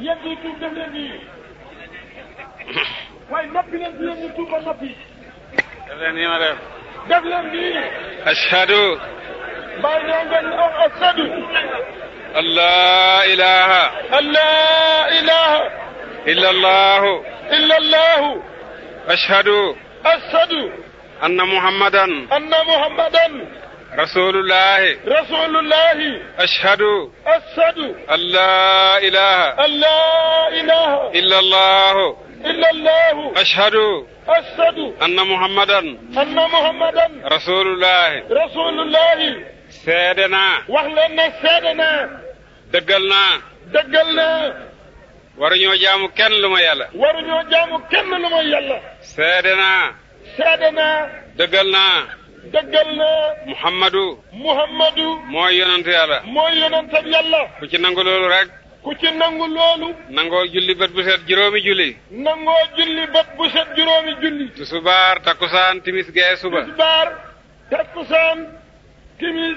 yéen ñiy tuub def leen nii waaye noppi leen yéen ñi tuub ba noppi. def leen nii ma def. def leen nii. ashadu. mbaa ñoo ngeen ne ashadu. allah ilaha. allah ilaha. illa allahu. illa allahu. ashadu. ashadu. anna muhammadan. anna muhammadan. رسول الله رسول الله أشهد أشهد أن لا إله أن لا إله إلا الله إلا الله أشهد أشهد أن محمدا أن محمدا رسول الله رسول الله سيدنا وحلنا سيدنا دقلنا دقلنا waruñoo jaamu kenn lu ma yàlla. waruñoo jaamu kenn lu ma yàlla. seede naa. seede naa. dëggal naa. dëggal na muhammadu muhammadu mooy yonent yàlla mooy yonent yàlla ku ci nangu loolu rek ku ci nangu loolu nangoo julli bët bu set juróomi julli nangoo julli bët bu set juróomi julli tusubaar takkusaan timis gee suba tusubaar takkusaan timis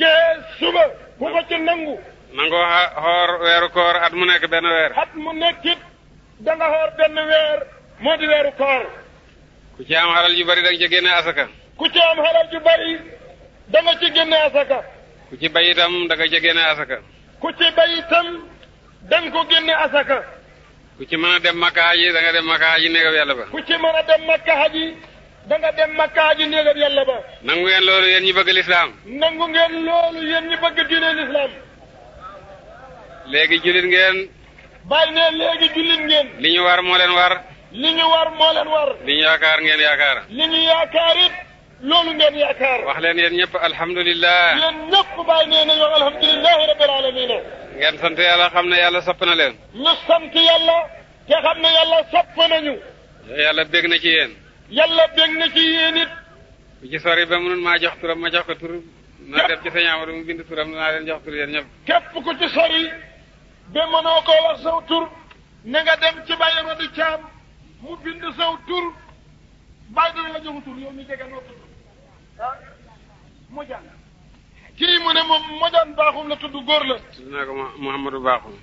gee suba ku ko ci nangu nangoo xoor weeru koor at mu nekk benn weer at mu nekkit da nga xoor benn weer moo di weeru koor ku ci am alal yu bari da nga ci génne asaka ku ci am xalal ju bari da nga ci génne asaka ku ci bay itam da nga ci génne asaka ku ci bay itam da ko génne asaka ku ci mën a dem makka haji da dem makka haji néegam yàlla ba ci mën a dem makka haji da nga dem makka haji néegam yàlla ba nangu ngeen loolu yéen ñi bëgg lislaam nangu ngeen loolu yéen ñi bëgg diine lislaam léegi jullit ngeen bàyyi ne léegi jullit ngeen li ñu war moo leen war li ñu war moo leen war li ñu yaakaar ngeen yaakaar li ñu yaakaar loolu ngeen yaakaar. wax leen yéen ñëpp alhamdulilah. yéen ñëpp nee na yow alhamdulilah rabbil ngeen sant yàlla xam ne yàlla sopp na leen. ñu sant yàlla. te xam ne yàlla sopp nañu. yàlla bég na ci yéen. yàlla bég na ci yéen it. ku ci sori ba mënul maa jox turam ma jox ko tur. na def ci Sëñ turam naa leen jox tur yéen ñëpp. képp ku ci sori. ba mënoo koo wax saw tur. na nga dem ci Baye Modou Thiam mu bind saw tur. bàyyi dana la joxu tur yow mi jege noo tudd ah mojaan kii mu ne moom mojaan baaxum la tudd góor la tudd naa ko Mouhamadou baaxum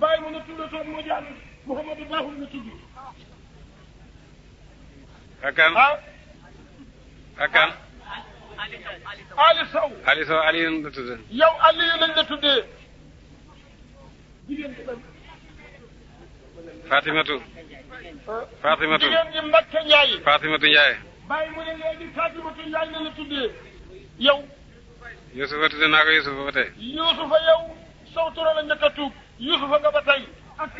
bàyyi mu ne tuddatoo mojaan Mouhamadou baaxum la tudd akan akan ah. Ali Sow Ali Sow Aliou la tudd yow Aliou lañ la tuddee jigéen Fatimatu. Fatimatu jigéen bàyyi mu ne léegi Fatimatu Ndiaye na la tuddee yow. Yusufa tudde naa ko Yusufa ba tey. Yusufa yow saw tura la njëkk a tuub. Yusufa nga ba tey. ak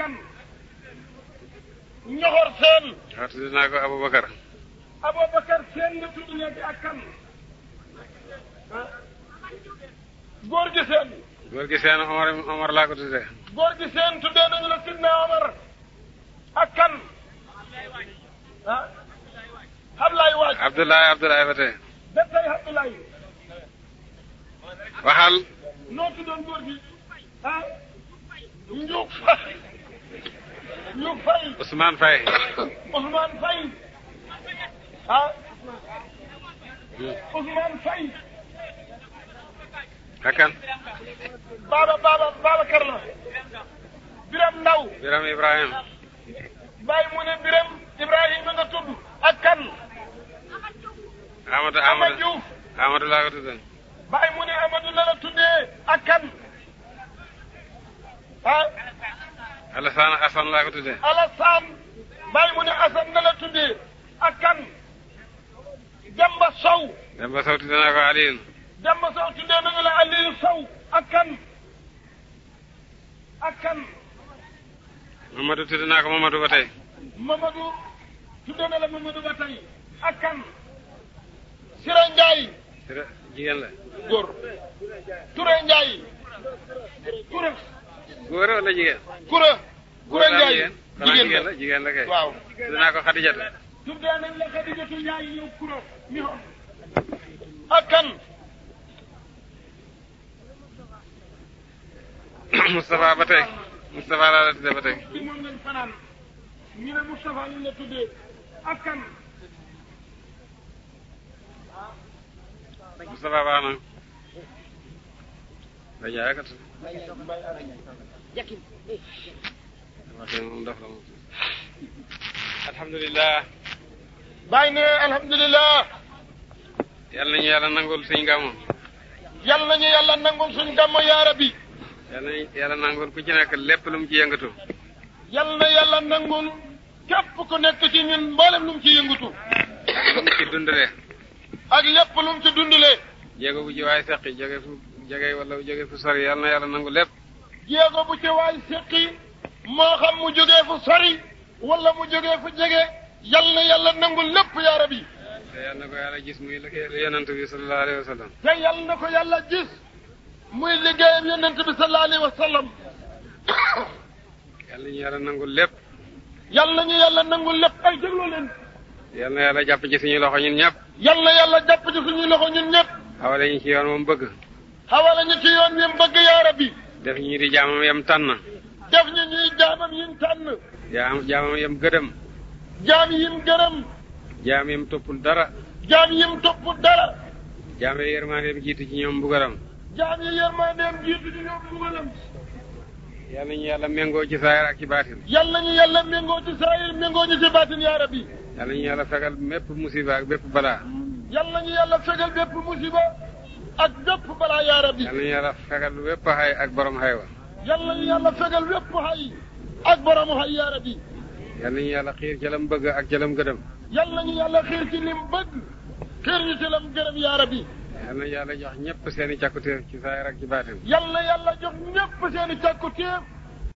Ñoxor Seen. Ah, naa ko Aboubacar. Aboubacar Seen nga tudd léegi ak kan. Ah. góor gi Seen. góor gi Seen Omar Omar laa ko tuddee. góor gi Seen tuddee nañu la Sidna Omar. ak kan ah Abdoulaye waaj Abdoulaye Abdoulaye ba tey ba tey Abdoulaye waxal noo tuddoon góor gi ah Ndiouk Faye Ndiouk Faye Ousmane Faye Ousmane Faye ah Ousmane Faye akan Baba Baba Babacar la Biram Ndaw Biram Ibrahima bàyyi mu ne biram Ibrahima nga tudd ak kan. Amadou Amadou Diouf Amadou laa ko tuddee. bàyyi mu ne Amadou la la tuddee ak kan. ah. Alassane Assane laa ko tuddee. Alassane bàyyi mu ne Assane la la tuddee ak kan. Demba Sow. Demba Sow tuddee naa ko Aliou. Demba Sow tuddee nañu la Aliou Sow ak kan. ak kan. Mamadou tuddee naa ko Mamadou ba tey. Mamadou tuddee na la Mamadou ba tey ak Sira Ndiaye. Sira jigéen la. góor Touré Ndiaye. Touré. góor wala jigéen. Kura. Kura Ndiaye jigéen la jigéen la kay. waaw dinaa ko Xadijatu. la Xadijatu Ndiaye yow Kura mi xoon ak kan. ba tey Moustapha laa la tuddee ba tey. ñu ne Moustapha ñu la tuddee ak kan. Moustapha baax na. Mbaye Ndiaye akat. waxee moom daf la moom. yal nañu yàlla nangul suñu yal nañu yàlla nangul suñu gàmmu yaa rabbi. yal nañu yàlla nangul ku ci nekk lépp lu mu ci yëngatu. yal na yàlla nangul képp ku nekk ci ñun mboolem lu mu ci yëngutu lu mu ci dundalee ak lépp lu ci dund jéego bu ci waay seqi jóge fu jóge wala jóge fu sori yal na yàlla nangu lépp jéego bu ci waay seqi moo xam mu jógee fu sori wala mu jógee fu jege yal na yàlla nangu lépp yaa gis muy liggéey yonent bi sallallahu alayhi wa yal na ko yàlla gis muy liggéeyam yonent bi sallallahu alayhi wa sallam yal na ñu yàlla nangul lépp yal na yàlla nangul lépp ay jégloo leen yal na yàlla jàpp ci suñuy loxo ñun ñëpp yal na yàlla jàpp ci suñuy loxo ñun ñëpp xawale ñu ci yoon moom bëgg xawale ñu ci yoon yim bëgg yaa rabbi def ñu di jaamam yam tànn def ñu ñuy jaamam yim tànn jaam jaamam yam gërëm jaam jaam yim toppul dara jaam yim toppul dara jaam yi yërmandeem jiitu ci ñoom mbugalam jaam yi yërmandeem jiitu ci ñoom mbugalam yal nañu yàlla méngoo ci saayir ak ci baatin. yal nañu yàlla méngoo ci saayir méngoo ñu ci baatin yaa rabbi. yal nañu yàlla fegal mépp musiba ak bépp balaa. yal nañu yàlla fegal bépp musiba ak bépp balaa yaa rabbi. yal nañu yàlla fegal bépp xay ak borom xay wa. yal nañu yàlla fegal bépp xay ak borom xay yaa rabbi. yal nañu yàlla xiir ci lam bëgg ak ci lam gëdëm. yal nañu yàlla xiir ci lim bëgg xiir ñu ci lam gëdëm yaa yal na yàlla jox ñëpp seen i càkkutéef ci saa yi rek ci baatin. yal na yàlla jox ñëpp seen i càkkutéef